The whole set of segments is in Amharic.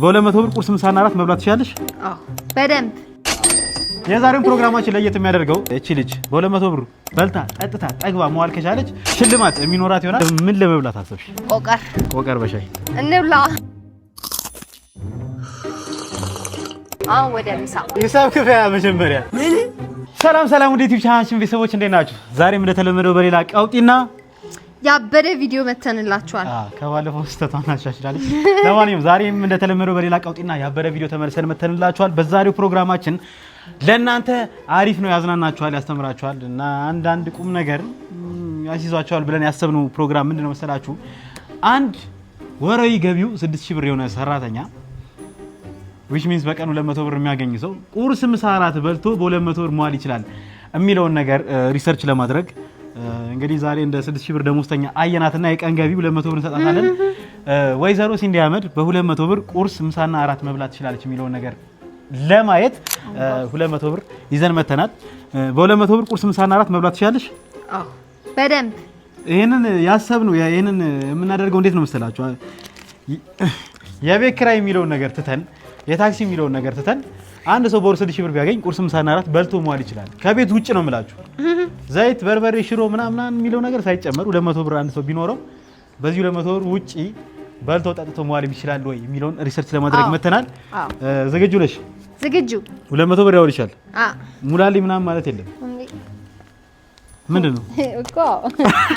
በሁለት መቶ ብር ቁርስ፣ ምሳና እራት መብላት ትችላለሽ። በደንብ የዛሬውን ፕሮግራማችን ለየት የሚያደርገው እቺ ልጅ በሁለት መቶ ብር በልታ ጠጥታ ጠግባ መዋል ከቻለች ሽልማት የሚኖራት ይሆናል። ምን ለመብላት አሰብሽ? ቆቀር ቆቀር በሻይ እንብላ። አሁን ወደ ምሳ ሂሳብ ክፍያ መጀመሪያ። ሰላም ሰላም፣ ወደ ዩቲዩብ ቻናችን ቤተሰቦች እንዴት ናችሁ? ዛሬም እንደተለመደው በሌላ ቀውጢና ያበደ ቪዲዮ መተንላችኋል። ከባለፈው ስህተቷን አሻሽላለች። ለማንኛውም ዛሬም እንደተለመደው በሌላ ቀውጢና ያበደ ቪዲዮ ተመልሰን መተንላችኋል። በዛሬው ፕሮግራማችን ለእናንተ አሪፍ ነው፣ ያዝናናችኋል፣ ያስተምራችኋል እና አንዳንድ ቁም ነገር ያስይዟቸዋል ብለን ያሰብነው ፕሮግራም ምንድን ነው መሰላችሁ? አንድ ወራዊ ገቢው 6000 ብር የሆነ ሰራተኛ ዊች ሚንስ በቀን 200 ብር የሚያገኝ ሰው ቁርስ፣ ምሳ፣ እራት በልቶ በ200 ብር መዋል ይችላል የሚለውን ነገር ሪሰርች ለማድረግ እንግዲህ ዛሬ እንደ ስድስት ሺህ ብር ደሞዝተኛ አየናትና የቀን ገቢ ሁለት መቶ ብር እንሰጣታለን። ወይዘሮ ሲንዲ አህመድ በሁለት መቶ ብር ቁርስ ምሳና አራት መብላት ትችላለች የሚለውን ነገር ለማየት ሁለት መቶ ብር ይዘን መተናት። በሁለት መቶ ብር ቁርስ ምሳና አራት መብላት ትችላለች። በደንብ ይህንን ያሰብነው ይህንን የምናደርገው እንዴት ነው መሰላችሁ? የቤት ኪራይ የሚለውን ነገር ትተን የታክሲ የሚለውን ነገር ትተን አንድ ሰው በወር ስድስት ሺህ ብር ቢያገኝ ቁርስ፣ ምሳና እራት በልቶ መዋል ይችላል። ከቤት ውጭ ነው የምላችሁ። ዘይት፣ በርበሬ፣ ሽሮ ምናምን የሚለው ነገር ሳይጨመር ሁለት መቶ ብር አንድ ሰው ቢኖረው በዚህ ሁለት መቶ ብር ውጭ በልቶ ጠጥቶ መዋል ይችላል ወይ የሚለውን ሪሰርች ለማድረግ መተናል። ዝግጁ ነሽ? ዝግጁ። ሁለት መቶ ብር ያወል ይችላል። ሙላሊ ምናምን ማለት የለም። ምንድን ነው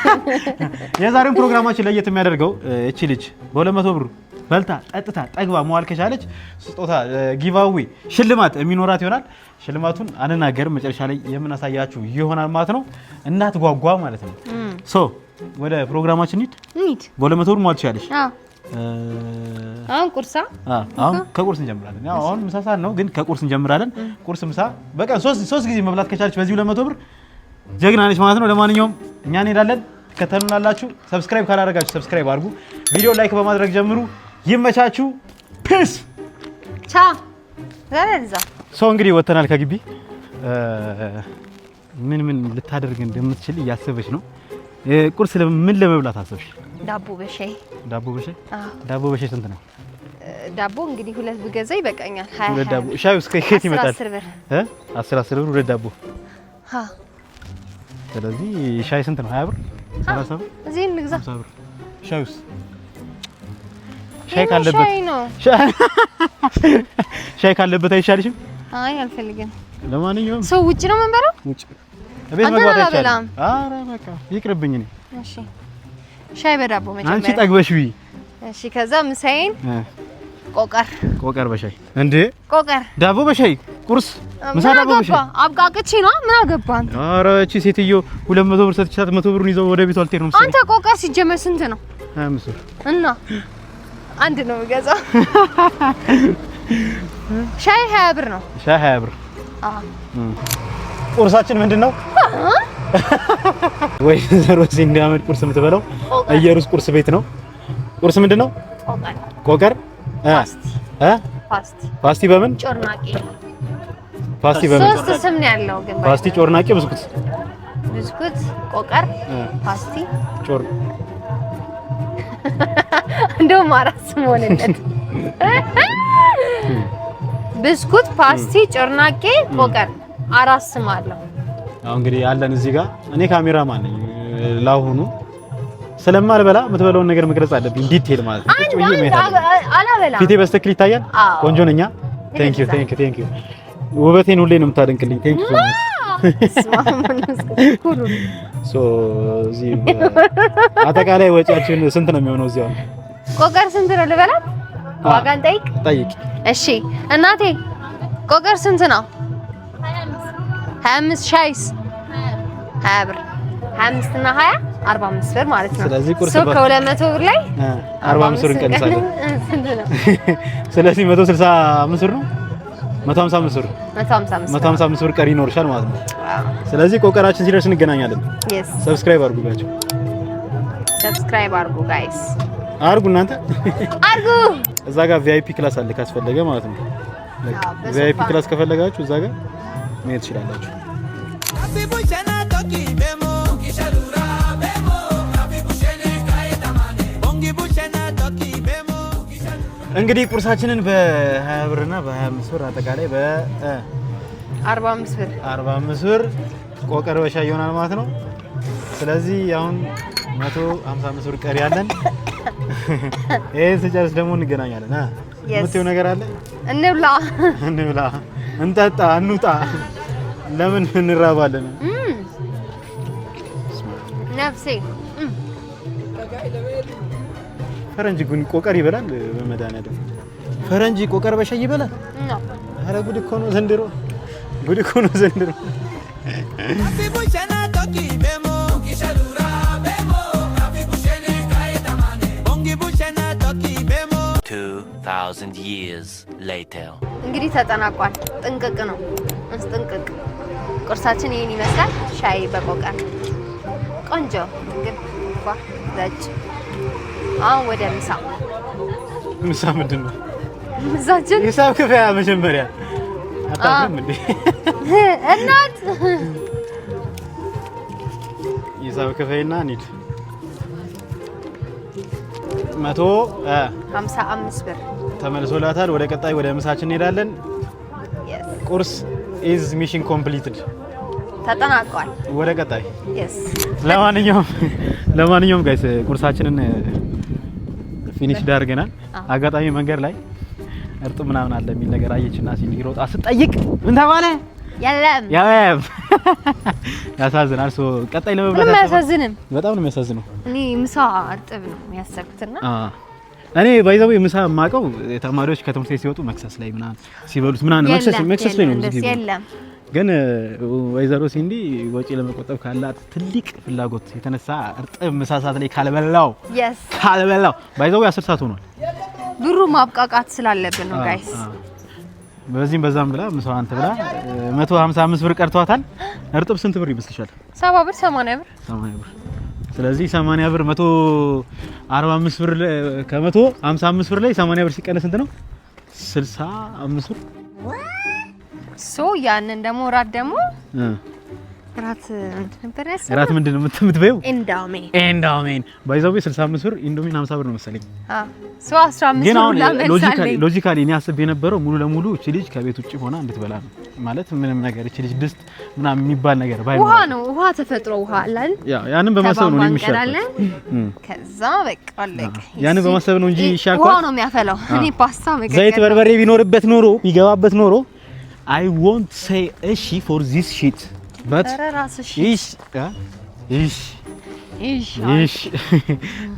የዛሬውን ፕሮግራማችን ለየት የሚያደርገው እቺ ልጅ በሁለት መቶ ብር በልታ ጠጥታ ጠግባ መዋል ከቻለች ስጦታ ጊቫዊ ሽልማት የሚኖራት ይሆናል። ሽልማቱን አንናገር መጨረሻ ላይ የምናሳያችሁ ይሆናል ማለት ነው። እንዳትጓጓ ማለት ነው። ሶ ወደ ፕሮግራማችን ሂድ ሂድ። በሁለት መቶ ብር መዋል አሁን ቁርሳ አሁን ከቁርስ እንጀምራለን። አሁን ምሳ ሰዓት ነው፣ ግን ከቁርስ እንጀምራለን። ቁርስ፣ ምሳ በቀን ሶስት ጊዜ መብላት ከቻለች በዚህ ሁለት መቶ ብር ጀግና ነች ማለት ነው። ለማንኛውም እኛ እንሄዳለን። ትከተሉናላችሁ። ሰብስክራይብ ካላደረጋችሁ ሰብስክራይብ አድርጉ። ቪዲዮ ላይክ በማድረግ ጀምሩ። ይመቻችሁ። ፒስ ቻ ሰው እንግዲህ ወተናል ከግቢ ምን ምን ልታደርግ እንደምትችል እያሰበች ነው። ቁርስ ምን ለመብላት አሰብሽ? ዳቦ በሻይ። ዳቦ በሻይ። ዳቦ በሻይ ስንት ነው? ዳቦ እንግዲህ ሁለት ብገዛ ይበቃኛል። ሁለት ዳቦ ሻይ ውስጥ ከየት ይመጣል? አስር አስር ብር ሁለት ዳቦ። ስለዚህ ሻይ ስንት ነው? ሀያ ብር ሰላሳ ብር እዚህ እንግዛ። ውስጥ ሻይ ካለበት ሻይ ካለበት አይሻልሽም? አይ አልፈልግም። ለማንኛውም ሰው ውጭ ነው የምንበላው። ውጭ ቤት መግባት አይቻልም። አረ በቃ ይቅርብኝ። እኔ እሺ፣ ሻይ በዳቦ መጀመር። አንቺ ጠግበሽ ቢ እሺ፣ ከዛ ምሳዬን ቆቀር ቆቀር በሻይ እንዴ? ቆቀር ዳቦ በሻይ ቁርስ፣ ምሳ ዳቦ በሻይ አብቃቅቼ ነው። ምን አገባ አንተ? ኧረ እቺ ሴትዮ 200 ብር ሰጥቻት 100 ብሩን ይዘው ወደ ቤቷ አልተሄድንም። አንተ ቆቀር ሲጀመር ስንት ነው? እና አንድ ነው የምገዛው። ሻይ ሀያ ብር ነው። ሻይ ሀያ ብር። ቁርሳችን ምንድን ነው? ወይ ዘሮሲ እንዲያመድ ቁርስ የምትበለው እየሩስ ቁርስ ቤት ነው። ቁርስ ምንድን ነው? ቆቀር ፓስቲ በምን ጮርናቄ ፓስቲ በምን ሶስት ስም ነው ያለው። ግን ፓስቲ ጮርናቄ፣ ብስኩት ብስኩት፣ ቆቀር ፓስቲ ጮር እንደውም አራት ስም ብስኩት፣ ፓስቲ፣ ጭርናቄ፣ ቆቀር አራስ ስም አለው። አሁን እንግዲህ ያለን እዚህ ጋር እኔ ካሜራ ካሜራማን ነኝ ላሁኑ ስለማልበላ የምትበላውን ነገር መግለጽ አለብኝ። ዲቴል ማለት ነው። አላበላ ፊቴ በስተክል ይታያል። ቆንጆ ነኛ። ቴንክ ዩ ቴንክ ዩ ቴንክ ዩ። ውበቴን ሁሌ ነው የምታደንቅልኝ። ቴንክ ዩ እዚህ አጠቃላይ ወጪያችን ስንት ነው የሚሆነው? እዚህ አሁን ቆቀር ስንት ነው ልበላት? ዋጋን ጠይቅ ጠይቅ። እሺ እናቴ ቆቀር ስንት ነው? ሀያ አምስት ሻይስ ሀያ ብር ሀያ አምስት እና ሀያ አርባ አምስት ብር ማለት ነው። ስለዚህ ቁርስ ከሁለት መቶ ብር ላይ አርባ አምስት ብር እንቀንሳለን። ስለዚህ መቶ ስልሳ አምስት ብር ነው 155 ብር 155 ብር ቀሪ ይኖርሻል ማለት ነው። ስለዚህ ቆቀራችን ሲደርስ እንገናኛለን። ሰብስክራይብ አድርጉ ሰብስክራይብ አድርጉ ጋይስ አድርጉ እናንተ አድርጉ። እዛ ጋር ቪአይፒ ክላስ አለ ካስፈለገ ማለት ነው። ቪአይፒ ክላስ ከፈለጋችሁ እዛ ጋር መሄድ ትችላላችሁ። እንግዲህ ቁርሳችንን በ20 ብርና በ25 ብር አጠቃላይ በ45 ብር 45 ብር ቆቀር በሻ ይሆናል ማለት ነው። ስለዚህ አሁን 155 ብር ቀሪ ያለን ይሄን ስጨርስ ደግሞ እንገናኛለን። የምትይው ነገር አለ? እንብላ እንብላ፣ እንጠጣ፣ እንውጣ። ለምን እንራባለን? ነፍሴ ፈረንጅ ግን ቆቀር ይበላል። በመድኃኒዓለም ፈረንጅ ቆቀር በሻይ ይበላል። አረ ጉድ እኮ ነው ዘንድሮ፣ ጉድ እኮ ነው ዘንድሮ። እንግዲህ ተጠናቋል። ጥንቅቅ ነው ጥንቅቅ። ቁርሳችን ይህን ይመስላል። ሻይ በቆቀር ቆንጆ ግባ ዘጭ አሁን ወደ ምሳ ምሳ ምንድን ነው? ምሳችን ሂሳብ ክፍያ መጀመሪያ አጣም እንዴ እናት? ሂሳብ ክፍያና እንሂድ። መቶ ሀምሳ አምስት ብር ተመልሶላታል። ወደ ቀጣይ ወደ ምሳችን እንሄዳለን። ቁርስ ኢዝ ሚሽን ኮምፕሊትድ ተጠናቋል። ወደ ቀጣይ ለማንኛውም ለማንኛውም ጋይስ ቁርሳችንን ፊኒሽ ዳርገናል። አጋጣሚ መንገድ ላይ እርጥ ምናምን አለ የሚል ነገር አየችና ሲኒ ሮጣ ስጠይቅ ምን ተባለ? የለም ያለም ያሳዝናል። ሶ ቀጣይ ለመብላት ያሳዝንም በጣም ነው የሚያሳዝነው። እኔ ምሳ እርጥብ ነው ያሰብኩትና እኔ ባይዘው ምሳ የማውቀው ተማሪዎች ከትምህርት ቤት ሲወጡ መክሰስ ላይ ምናምን ሲበሉት ምናምን መክሰስ መክሰስ ላይ ነው ብዙ ጊዜ ግን ወይዘሮ ሲንዲ ወጪ ለመቆጠብ ካላት ትልቅ ፍላጎት የተነሳ እርጥብ ምሳ ሰዓት ላይ ካልበላው ካልበላው ባይዘው አስር ሰዓት ሆኗል። ብሩ ማብቃቃት ስላለብን ነው ጋይስ። በዚህም በዛም ብላ ምሳዋን ትብላ። 155 ብር ቀርቷታል። እርጥብ ስንት ብር ይመስልሻል? 70 ብር፣ 80 ብር፣ 80 ብር። ስለዚህ 80 ብር 145 ብር ከ155 ብር ላይ 80 ብር ሲቀነስ ስንት ነው? 65 ብር ሶ ያንን ደግሞ እራት ደግሞ እራት ምንድን 65 ብር ኢንዶሜን 50 ብር ነው መሰለኝ። አዎ ሶ 15 ብር ሎጂካሊ እኔ አስቤ የነበረው ሙሉ ለሙሉ እቺ ልጅ ከቤት ውጭ ሆና እንድትበላ ነው ማለት ምንም ነገር እቺ ልጅ ድስት ምናምን የሚባል ነገር ውሃ ነው ውሃ ተፈጥሮ ውሃ ያ ያንን በማሰብ ነው የሚሻለው። ከዛ በቃ አለቀ። ያንን በማሰብ ነው እንጂ ይሻልኳል። ውሃ ነው የሚያፈላው። እኔ ፓስታ መቀቀል ዘይት በርበሬ ቢኖርበት ኖሮ ቢገባበት ኖሮ አይ ወንት ሴይ እሺ ፎር ዚስ ሺት በት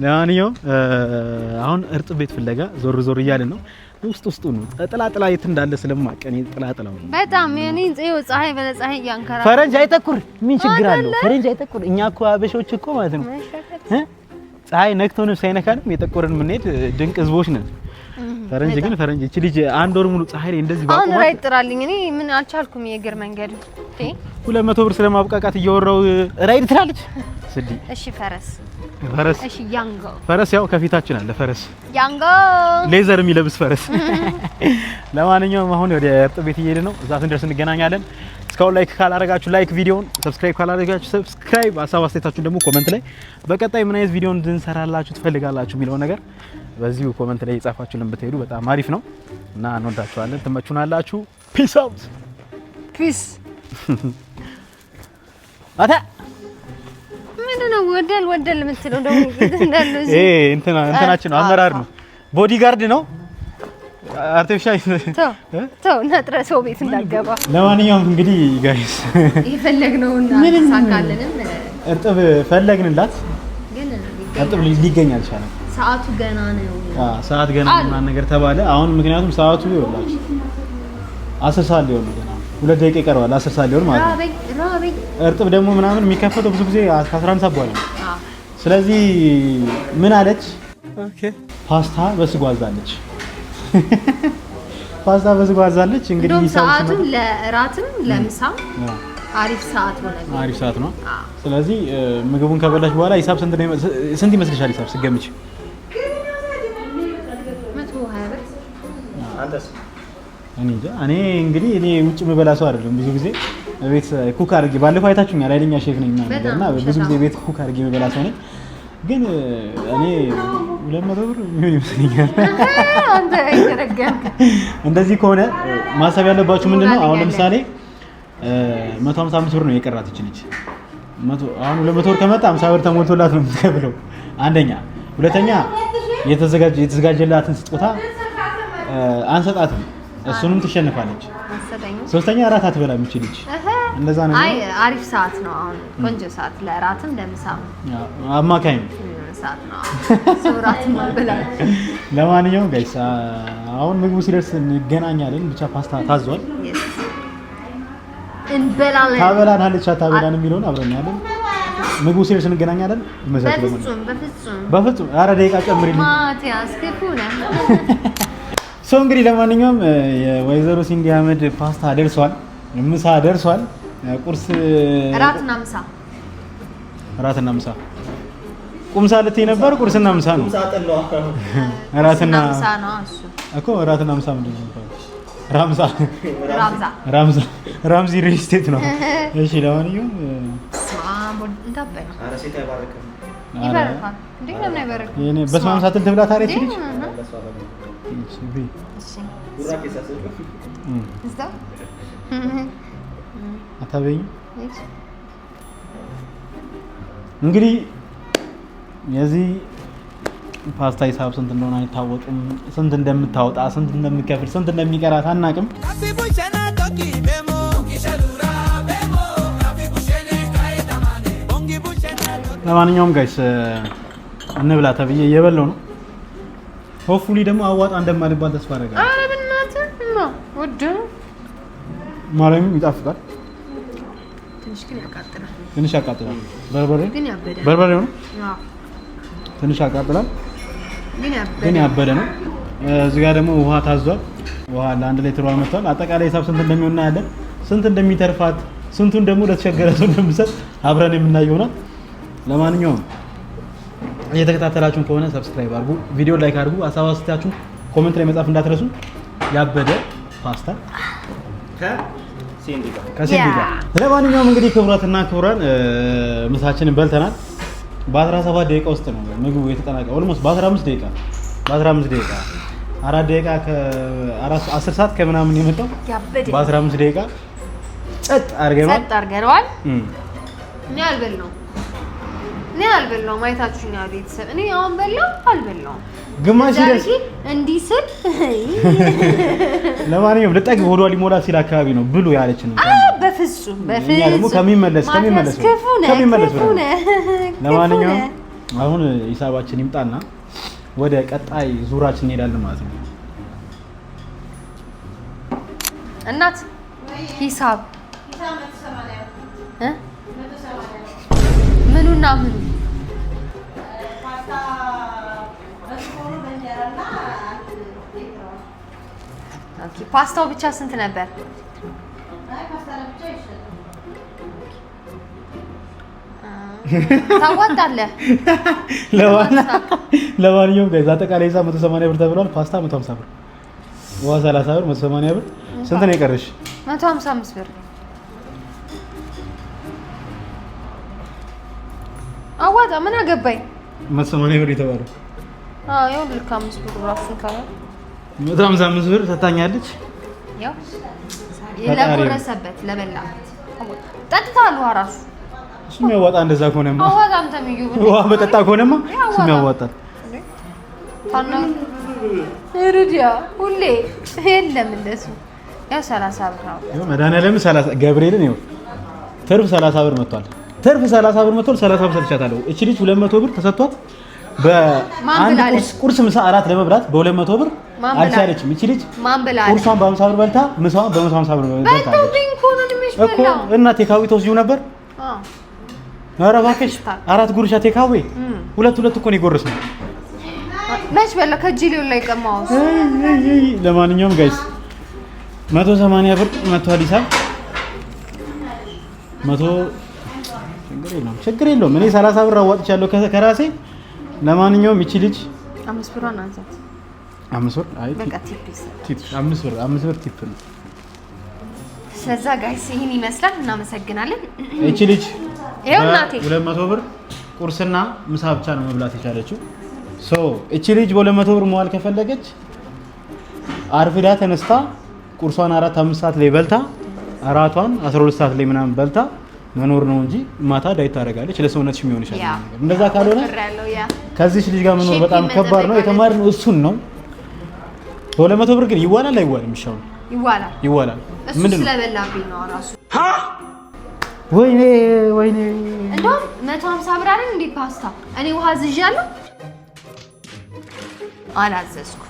ለማንኛውም አሁን እርጥ ቤት ፍለጋ ዞር ዞር እያልን ነው። ውስጥ ውስጡ ነው ጥላጥላ የት እንዳለ ስለማቀን ጥላጥላው በጣም እኔ እንጽዮ ፀሐይ በለ ፀሐይ ያንከራ ፈረንጅ አይተኩር ምን ችግር አለው? ፈረንጅ አይተኩር። እኛ እኮ አበሾች እኮ ማለት ነው ፀሐይ ነክቶንም ሳይነካንም የጠቆርን የምንሄድ ድንቅ ህዝቦች ነን። ፈረንጅ ግን ፈረንጅ እቺ ልጅ አንድ ወር ሙሉ ፀሐይ ላይ እንደዚህ ባቆማት አሁን ራይድ ጥራልኝ። እኔ ምን አልቻልኩም። የእግር መንገድ ሁለት መቶ ብር ስለማብቃቃት እያወራው ራይድ ትላለች። ስዲ እሺ፣ ፈረስ ፈረስ፣ እሺ፣ ያንጎ ፈረስ፣ ያው ከፊታችን አለ ፈረስ፣ ያንጎ ሌዘር የሚለብስ ፈረስ። ለማንኛውም አሁን ወደ እርጥ ቤት እየሄድን ነው። እዛ ስንደርስ እንገናኛለን። እስካሁን ላይክ ካላረጋችሁ ላይክ ቪዲዮውን፣ ሰብስክራይብ ካላረጋችሁ ሰብስክራይብ፣ ሀሳብ አስተያየታችሁን ደግሞ ኮመንት ላይ። በቀጣይ ምን አይነት ቪዲዮ እንድንሰራላችሁ ትፈልጋላችሁ የሚለው ነገር በዚሁ ኮመንት ላይ የጻፋችሁልን ብትሄዱ በጣም አሪፍ ነው እና እንወዳችኋለን። ትመቹናላችሁ። ፒስ አውት ፒስ አታ ምንድነው ወደል ወደል የምትለው ደው እንዳለው እዚህ እህ እንትና እንትናችን ነው አመራር ነው ቦዲጋርድ ነው አርቲፊሻል ተው ተው ነጥረ ሰው ቤት እንዳገባ ለማንኛውም እንግዲህ ጋይስ የፈለግነውና ሳካለንም እርጥብ ፈለግንላት ግን እርጥብ ሊገኝ አልቻለም ሰዓቱ ገና ነው። አዎ ሰዓት ገና ነው ነገር ተባለ። አሁን ምክንያቱም ሰዓቱ ይወላች አስር ሰዓት ሊሆን ገና ሁለት ደቂቃ ይቀረዋል። አስር ሰዓት ሊሆን ማለት ነው። እርጥብ ደግሞ ምናምን የሚከፈተው ብዙ ጊዜ ከአስራ አንድ ሰዓት በኋላ ነው። ስለዚህ ምን አለች? ፓስታ በስጎ አዛለች። ፓስታ በስጎ አዛለች። እንግዲህ ሰዓቱም ለእራትም ለምሳም አሪፍ ሰዓት ነው። አሪፍ ሰዓት ነው። ስለዚህ ምግቡን ከበላሽ በኋላ ሂሳብ ስንት ነው? ስንት ይመስልሻል? ሂሳብ ስገምች እኔ እንግዲህ እኔ ውጭ የምበላ ሰው አይደለም። ብዙ ጊዜ ቤት ኩክ አድርጌ ባለፈው አይታችሁኛል። ኃይለኛ ሼፍ ነኝ ነገር እና ብዙ ጊዜ ቤት ኩክ አድርጌ የምበላ ሰው ነኝ። ግን እኔ ሁለት መቶ ብር የሚሆን ይመስለኛል። እንደዚህ ከሆነ ማሰብ ያለባችሁ ምንድን ነው? አሁን ለምሳሌ መቶ ሀምሳ አምስት ብር ነው የቀራት ይች ልጅ። አሁን ሁለት መቶ ብር ከመጣ ሀምሳ ብር ተሞልቶላት ነው የምትከፍለው። አንደኛ። ሁለተኛ የተዘጋጀላትን ስጦታ አንሰጣትም። እሱንም ትሸንፋለች። ሶስተኛ እራት አትበላ የሚችል እንደዛ ነው። አይ አሪፍ ሰዓት ነው አሁን፣ ቆንጆ ሰዓት ለእራትም ለምሳም አማካኝ ሰዓት ነው። ለማንኛውም ጋይስ አሁን ምግቡ ሲደርስ እንገናኛለን። ብቻ ፓስታ ታዟል፣ እንበላለን። ታበላናለች አታበላን የሚለውን አብረን ያለን ምግቡ ሲደርስ እንገናኛለን። በፍጹም በፍጹም በፍጹም። ኧረ ደቂቃ ጨምሪልኝ። ማቲያስ ክፉ ነህ። ሶ እንግዲህ ለማንኛውም የወይዘሮ ሲንዲ አህመድ ፓስታ ደርሷል፣ ምሳ ደርሷል። ቁርስ፣ እራትና ምሳ እራትና ምሳ ቁምሳ ልትይ ነበር። ቁርስና ምሳ ነው እራትና ምሳ ነው እኮ እራትና ምሳ ምንድን ነው ራምሳ ራምሳ ራምዚ ሪል ስቴት ነው። እሺ ለማንኛውም በስመ አብ ሳትል ትብላ ታሪክ ልጅ እንግዲህ የዚህ ፓስታ ሂሳብ ስንት እንደሆነ አይታወቅም። ስንት እንደምታወጣ፣ ስንት እንደምከፍል፣ ስንት እንደሚቀራት አናቅም። ለማንኛውም ጋይስ እንብላ ተብዬ እየበለው ነው ሆፉሊ ደግሞ አዋጣ እንደማልባል ተስፋ አደርጋለሁ። ኧረ በእናትህ ነው ወደ ማርያም ይጣፍጣል። ትንሽ ያቃጥላል። ትንሽ ያቃጥላል። በርበሬ ግን ያበደ ነው። ትንሽ ያቃጥላል ግን ያበደ ነው። እዚህ ጋር ደግሞ ውሃ ታዟል። ውሃ ለአንድ ሌትር ውሃ መጥቷል። አጠቃላይ ሂሳብ ስንት እንደሚሆን ያለ ስንት እንደሚተርፋት ስንቱን ደግሞ ለተቸገረ ሰው እንደምሰጥ አብረን የምናየው ይሆናል። ለማንኛውም እየተከታተላችሁን ከሆነ ሰብስክራይብ አድርጉ፣ ቪዲዮ ላይክ አድርጉ፣ ሀሳብ አስተያየታችሁን ኮመንት ላይ መጻፍ እንዳትረሱ። ያበደ ፓስታ ከሴንዲ ጋር። ለማንኛውም እንግዲህ ክቡራትና ክቡራን ምሳችንን በልተናል። በ17 ደቂቃ ውስጥ ነው ምግቡ የተጠናቀቀ። ኦልሞስት በ15 ደቂቃ በ15 ደቂቃ አራት ደቂቃ አስር ሰዓት ከምናምን የመጣው በ15 ደቂቃ ጸጥ አድርገናል። ጸጥ አድርገናል። እኔ ነው እኔ አልበላውም። አይታችሁኛል ቤተሰብ። እኔ አሁን ግማሽ እንዲህ ስል ለማንኛውም ልጠግብ ሆዷ ሊሞላ ሲል አካባቢ ነው ብሉ ያለች ነው። በፍጹም በፍጹም ከሚመለስ ከሚመለስ ከሚመለስ ለማንኛውም አሁን ሂሳባችን ይምጣና ወደ ቀጣይ ዙራችን እንሄዳለን ማለት ነው። እናት ሂሳብ ምኑና ምኑ ኦኬ ፓስታው ብቻ ስንት ነበር? ታዋጣለህ። ለማንኛውም ጋይዝ አጠቃላይ ሂሳብ 180 ብር ተብሏል። ፓስታ 150 ብር፣ ውሃ 30 ብር፣ 180 ብር። ስንት ነው የቀረሽ? 155 ብር። አዋጣ ምን አገባኝ። 180 ብር የተባለው አዎ፣ ይኸውልህ አምስት ብር ራሱን ካለ መቶ ሃምሳ አምስት ብር ፈታኛለች። ያው ለጎረሰበት ለበላበት ጠጥታል ውሃ ራሱ እሱ የሚያዋጣ እንደዛ ከሆነማ ውሃ በጠጣ ከሆነማ እሱ የሚያዋጣል። ሩዲያ ሁሌ የለም እንደሱ ያው ሰላሳ ብር ነው መድኃኒዓለም ገብርኤልን ይኸው ትርፍ ሰላሳ ብር መጥቷል። ትርፍ ሰላሳ ብር መጥቷል። ሰላሳ ብር ሰጥቻታለሁ። እቺ ልጅ ሁለት መቶ ብር ተሰጥቷት በአንድ ቁርስ ምሳ እራት ለመብላት በሁለት መቶ ብር አልቻለችም። ይቺ ልጅ ቁርሷን በ50 ብር በልታ ምሳዋን በ ሀምሳ ብር እኮ እና ቴካዊ ተወስጂው ነበር። ኧረ እባክሽ አራት ጉርሻ ቴካዊ ሁለት ሁለት እኮ ነው የጎረስነው። መች በላ ከእጅ ሊሆን ላይ ቀማው። ለማንኛውም ጋይስ 180 ብር መጥቷል። አዲስ አበባ መቶ ችግር የለውም ችግር የለውም። እኔ ሰላሳ ብር አዋጥቻለሁ ከራሴ ለማንኛውም ይቺ ልጅ አምስት ብር ብር ቲፕ አምስት ነው። ስለዛ ጋይስ ይህን ይመስላል። እናመሰግናለን። ይቺ ልጅ ይኸው ሁለት መቶ ብር ቁርስና ምሳ ብቻ ነው መብላት የቻለችው። ሶ እቺ ልጅ በሁለት መቶ ብር መዋል ከፈለገች አርፍዳ ተነስታ ቁርሷን አራት አምስት ሰዓት ላይ በልታ እራቷን ሁለት ሰዓት ላይ ምናምን በልታ መኖር ነው እንጂ ማታ ዳይት ታደርጋለች፣ ለሰውነት የሚሆን ይችላል። እንደዛ ካልሆነ ከዚህ ልጅ ጋር መኖር በጣም ከባድ ነው። የተማርነው እሱን ነው። በሁለት መቶ ብር ግን ይዋላል አይዋልም? ይሻው ይዋላል፣ ይዋላል። ምንድን ነው ወይኔ ወይኔ፣ እንደውም መቶ ሀምሳ ብር አይደል እንዴ ፓስታ? እኔ ውሃ ዝዣለሁ፣ አላዘዝኩም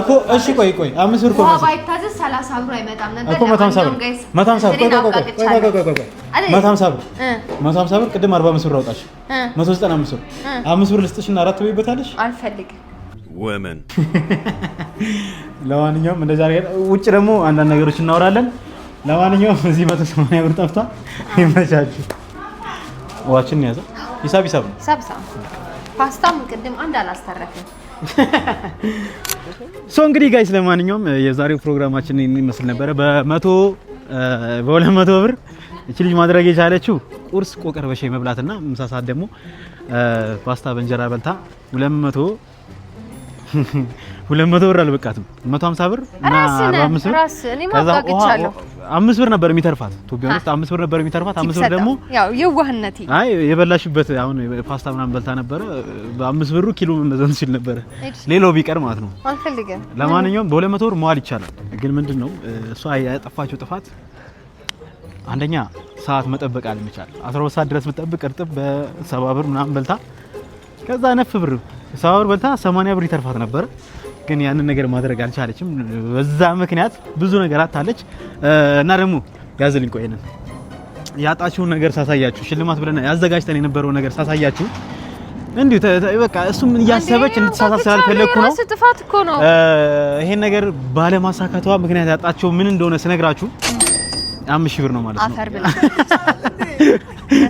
እኮ እሺ፣ ቆይ ቆይ፣ አምስት ብር ቆይ፣ ባይታዘዝ ሰላሳ ብር ቅድም አርባ አምስት ብር አውጣሽ መቶ ዘጠና አምስት ብር አምስት ብር ልስጥሽ እና አራት ትበይበታለሽ። አልፈልግም። ለማንኛውም እንደዛ ውጭ ደግሞ አንዳንድ ነገሮች እናወራለን። ለማንኛውም እዚህ መቶ ሰማንያ ብር ጠፍቷል። ይመቻችሁ። ዋችን ያዘ ሂሳብ ሂሳብ ነው። ፓስታም ቅድም አንድ አላስተረፍም። ሶ እንግዲህ ጋይስ ለማንኛውም eh, የዛሬው ፕሮግራማችን ይመስል ነበረ። በመቶ eh, በሁለት መቶ ብር እቺ ልጅ ማድረግ የቻለችው ቁርስ ቆቀር በሻይ መብላትና ምሳ ሰዓት ደግሞ eh, ፓስታ በእንጀራ በልታ ሁለት መቶ ሁለት መቶ ብር አልበቃትም። መቶ ሀምሳ ብር እና አምስት ብር ነበር የሚተርፋት። ቱ ቢሆንስ አምስት ብር ነበር የሚተርፋት። አምስት ብር ደግሞ ያው የዋህነቴ። አይ የበላሽበት አሁን ፓስታ ምናምን በልታ ነበረ። በአምስት ብሩ ኪሎ መመዘን ሲል ነበረ፣ ሌላው ቢቀር ማለት ነው። አልፈልግም። ለማንኛውም በሁለት መቶ ብር መዋል ይቻላል። ግን ምንድን ነው እሷ ያጠፋቸው ጥፋት አንደኛ ሰዓት መጠበቅ አልመቻል። 12 ሰዓት ድረስ መጠብቅ እርጥብ በሰባ ብር ምናምን በልታ ከዛ ነፍ ብር ሰባ ብር በልታ 80 ብር ይተርፋት ነበረ። ግን ያንን ነገር ማድረግ አልቻለችም። በዛ ምክንያት ብዙ ነገር አታለች እና ደግሞ ያዝልኝ ቆይነን ያጣችሁን ነገር ሳሳያችሁ ሽልማት ብለን ያዘጋጅተን የነበረውን ነገር ሳሳያችሁ እንዲሁ በቃ እሱም እያሰበች እንድትሳሳት ስላልፈለግኩ ነው። ጥፋት እኮ ነው። ይሄን ነገር ባለማሳካቷ ምክንያት ያጣቸው ምን እንደሆነ ስነግራችሁ አምስት ሺህ ብር ነው ማለት ነው።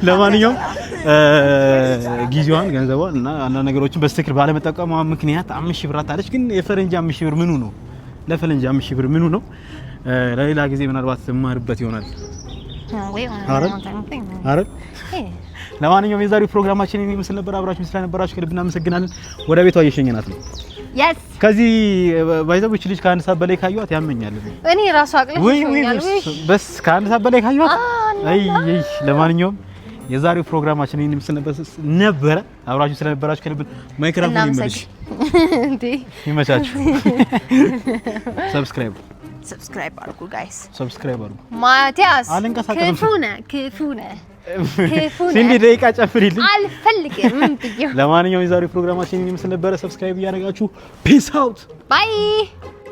ለማንኛውም ጊዜዋን ገንዘቧን እና አንዳንድ ነገሮችን በስትክር ባለመጠቀሟ ምክንያት አምስት ሺህ ብር አታለች። ግን የፈረንጅ አምስት ሺህ ብር ምኑ ነው? ለፈረንጅ አምስት ሺህ ብር ምኑ ነው? ለሌላ ጊዜ ምናልባት ማርበት ይሆናል። ለማንኛውም የዛሬው ፕሮግራማችን ይሄን ይመስል ነበር። አብራችሁ ስለነበራችሁ ከልብ እናመሰግናለን። ወደ ቤቷ እየሸኘናት ነው። ከዚህ ባይዘቦች ልጅ ከአንድ ሰዓት በላይ ካዩት ያመኛል። እኔ ራሱ አቅልሽ ይሸኛል። በስ ከአንድ ሰዓት በላይ ካዩዋት አይ ለማንኛውም የዛሬው ፕሮግራማችን ይሄን ምስል ነበረ። አብራችሁ ስለነበራችሁ ከልብ ማይክራፎን ይመልሽ እንዴ ይመቻችሁ። ሰብስክራይብ ሰብስክራይብ አድርጉ ጋይስ፣ ሰብስክራይብ አድርጉ። ማቲያስ ክፉ ነህ፣ ክፉ ነህ፣ ክፉ ነህ። ሲንዲ ደቂቃ ጨፍሪልኝ አልፈልግም ብዬ። ለማንኛውም የዛሬው ፕሮግራማችን ይሄን ምስል ነበረ። ሰብስክራይብ እያደረጋችሁ ፒስ አውት ባይ